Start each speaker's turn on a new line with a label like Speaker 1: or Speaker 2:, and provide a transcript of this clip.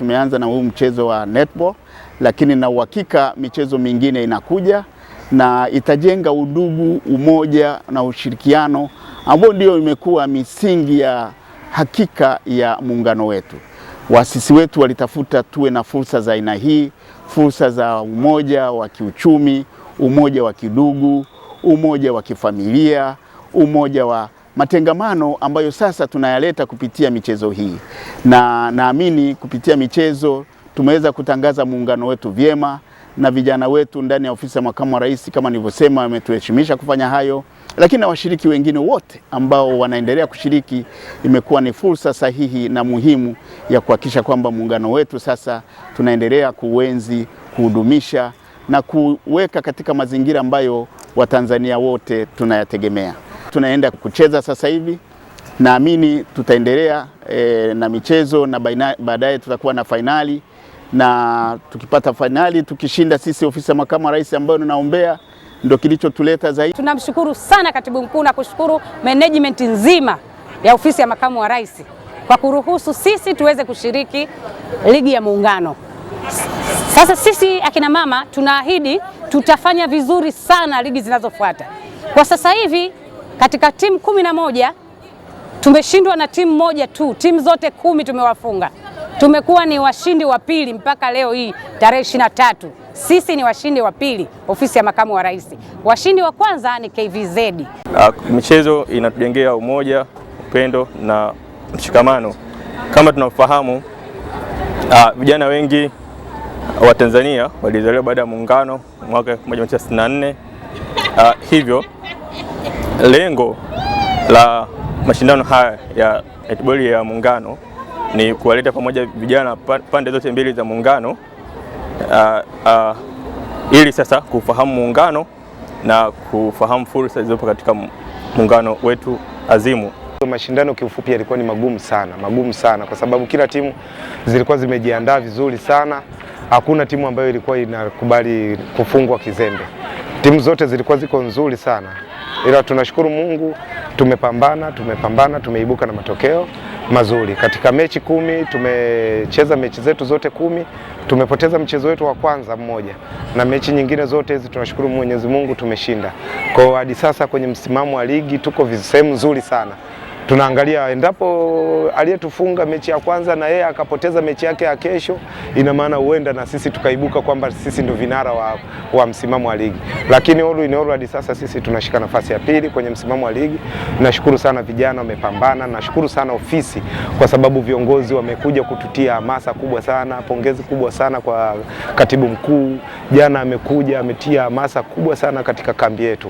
Speaker 1: tumeanza na huu mchezo wa netball, lakini na uhakika michezo mingine inakuja na itajenga udugu, umoja na ushirikiano ambao ndio imekuwa misingi ya hakika ya muungano wetu. Waasisi wetu walitafuta tuwe na fursa za aina hii, fursa za umoja wa kiuchumi, umoja wa kidugu, umoja wa kifamilia, umoja wa matengamano ambayo sasa tunayaleta kupitia michezo hii, na naamini kupitia michezo tumeweza kutangaza muungano wetu vyema na vijana wetu ndani ya ofisi ya makamu wa rais, kama nilivyosema, ametuheshimisha kufanya hayo, lakini na washiriki wengine wote ambao wanaendelea kushiriki, imekuwa ni fursa sahihi na muhimu ya kuhakikisha kwamba muungano wetu sasa tunaendelea kuuenzi, kuhudumisha na kuweka katika mazingira ambayo Watanzania wote tunayategemea tunaenda kucheza sasa hivi. Naamini tutaendelea e, na michezo na baadaye tutakuwa na fainali, na tukipata fainali tukishinda, sisi ofisi ya makamu wa rais ambayo ninaombea ndo kilichotuleta zaidi.
Speaker 2: Tunamshukuru sana katibu mkuu na kushukuru management nzima ya ofisi ya makamu wa rais kwa kuruhusu sisi tuweze kushiriki ligi ya Muungano. Sasa sisi akina mama tunaahidi tutafanya vizuri sana ligi zinazofuata. Kwa sasa hivi katika timu kumi na moja tumeshindwa na timu moja tu, timu zote kumi tumewafunga. Tumekuwa ni washindi wa pili mpaka leo hii tarehe ishirini na tatu sisi ni washindi wa pili, ofisi ya makamu wa rais. Washindi wa kwanza ni KVZ.
Speaker 3: Ah, michezo inatujengea umoja, upendo na mshikamano. Kama tunavyofahamu, ah, vijana wengi wa Tanzania walizaliwa baada ya muungano mwaka 1964 ah, hivyo Lengo la mashindano haya ya netball ya Muungano ni kuwaleta pamoja vijana pande zote mbili za Muungano uh, uh, ili sasa kufahamu Muungano na kufahamu fursa zilizopo katika Muungano wetu azimu.
Speaker 4: Mashindano kiufupi yalikuwa ni magumu sana, magumu sana kwa sababu kila timu zilikuwa zimejiandaa vizuri sana. Hakuna timu ambayo ilikuwa inakubali kufungwa kizembe. Timu zote zilikuwa ziko nzuri sana ila tunashukuru Mungu, tumepambana tumepambana, tumeibuka na matokeo mazuri katika mechi kumi. Tumecheza mechi zetu zote kumi, tumepoteza mchezo wetu wa kwanza mmoja, na mechi nyingine zote hizi tunashukuru Mwenyezi Mungu tumeshinda. Kwa hadi sasa kwenye msimamo wa ligi tuko sehemu nzuri sana tunaangalia endapo aliyetufunga mechi ya kwanza na yeye akapoteza mechi yake ya kesho, ina maana huenda na sisi tukaibuka kwamba sisi ndio vinara wa, wa msimamo wa ligi, lakini all in all hadi sasa sisi tunashika nafasi ya pili kwenye msimamo wa ligi. Nashukuru sana vijana wamepambana, nashukuru sana ofisi kwa sababu viongozi wamekuja kututia hamasa kubwa sana. Pongezi kubwa sana kwa katibu mkuu, jana amekuja ametia hamasa kubwa sana katika kambi yetu.